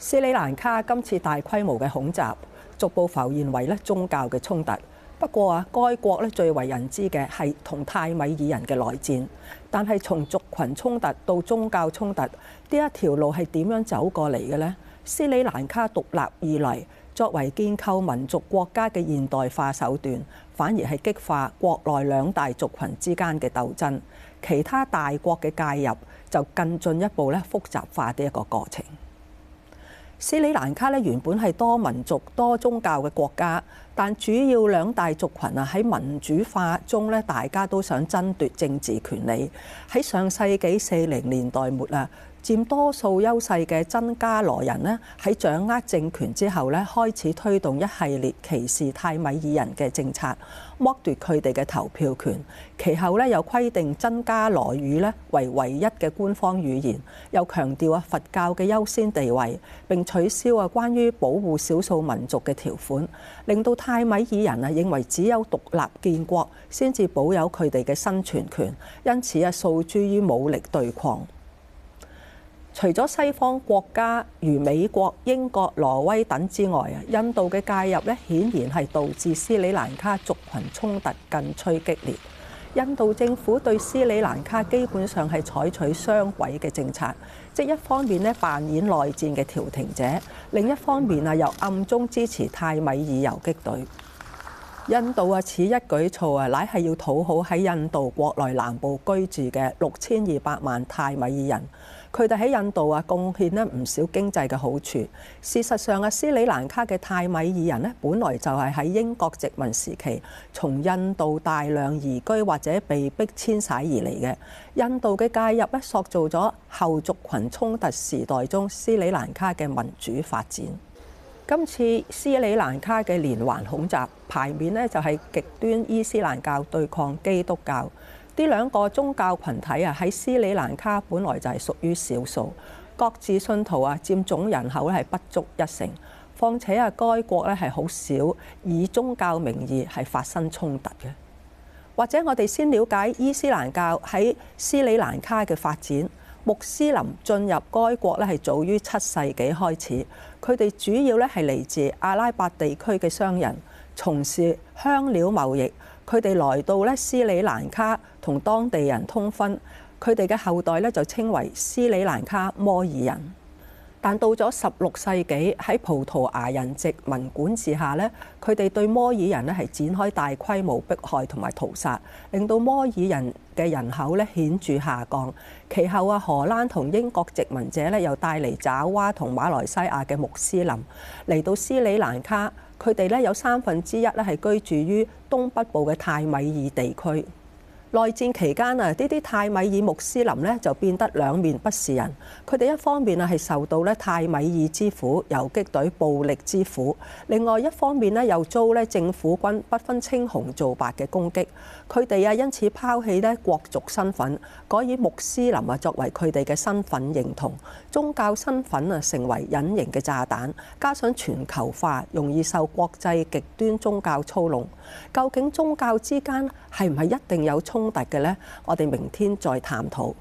斯里蘭卡今次大規模嘅恐襲，逐步浮現為咧宗教嘅衝突。不過啊，該國咧最為人知嘅係同泰米爾人嘅內戰。但係從族群衝突到宗教衝突，呢一條路係點樣走過嚟嘅呢？斯里蘭卡獨立以嚟，作為建構民族國家嘅現代化手段，反而係激化國內兩大族群之間嘅鬥爭。其他大國嘅介入，就更進一步咧複雜化呢一個過程。斯里蘭卡呢原本係多民族、多宗教嘅國家。但主要兩大族群啊，喺民主化中咧，大家都想爭奪政治權利。喺上世紀四零年代末啊，佔多數優勢嘅僧伽羅人咧，喺掌握政權之後咧，開始推動一系列歧視泰米爾人嘅政策，剝奪佢哋嘅投票權。其後咧，又規定僧伽羅語咧為唯一嘅官方語言，又強調啊佛教嘅優先地位，並取消啊關於保護少數民族嘅條款，令到泰米爾人啊，認為只有獨立建國，先至保有佢哋嘅生存權，因此啊，訴諸於武力對抗。除咗西方國家如美國、英國、挪威等之外啊，印度嘅介入咧，顯然係導致斯里蘭卡族群衝突更趨激烈。印度政府對斯里蘭卡基本上係採取雙軌嘅政策，即一方面呢，扮演內戰嘅調停者，另一方面啊，又暗中支持泰米爾遊擊隊。印度啊，此一舉措啊，乃係要討好喺印度國內南部居住嘅六千二百萬泰米爾人。佢哋喺印度啊，貢獻呢唔少經濟嘅好處。事實上啊，斯里蘭卡嘅泰米爾人呢，本來就係喺英國殖民時期從印度大量移居或者被迫遷徙而嚟嘅。印度嘅介入咧，塑造咗後族群衝突時代中斯里蘭卡嘅民主發展。今次斯里蘭卡嘅連環恐襲，牌面呢就係極端伊斯蘭教對抗基督教。呢兩個宗教群體啊，喺斯里蘭卡本來就係屬於少數，各自信徒啊佔總人口咧係不足一成。況且啊，該國咧係好少以宗教名義係發生衝突嘅。或者我哋先了解伊斯蘭教喺斯里蘭卡嘅發展。穆斯林進入該國咧係早於七世紀開始，佢哋主要咧係嚟自阿拉伯地區嘅商人，從事香料貿易。佢哋來到咧斯里蘭卡同當地人通婚，佢哋嘅後代咧就稱為斯里蘭卡摩爾人。但到咗十六世紀，喺葡萄牙人殖民管治下呢，佢哋對摩爾人呢係展開大規模迫害同埋屠殺，令到摩爾人嘅人口咧顯著下降。其後啊，荷蘭同英國殖民者呢又帶嚟爪哇同馬來西亞嘅穆斯林嚟到斯里蘭卡，佢哋呢有三分之一咧係居住於東北部嘅泰米爾地區。內戰期間啊，呢啲泰米爾穆斯林咧就變得兩面不是人。佢哋一方面啊係受到咧泰米爾之苦、遊擊隊暴力之苦；另外一方面咧又遭咧政府軍不分青紅皂白嘅攻擊。佢哋啊因此拋棄咧國族身份，改以穆斯林啊作為佢哋嘅身份認同。宗教身份啊成為隱形嘅炸彈，加上全球化容易受國際極端宗教操弄。究竟宗教之間係唔係一定有衝衝突嘅咧，我哋明天再探討。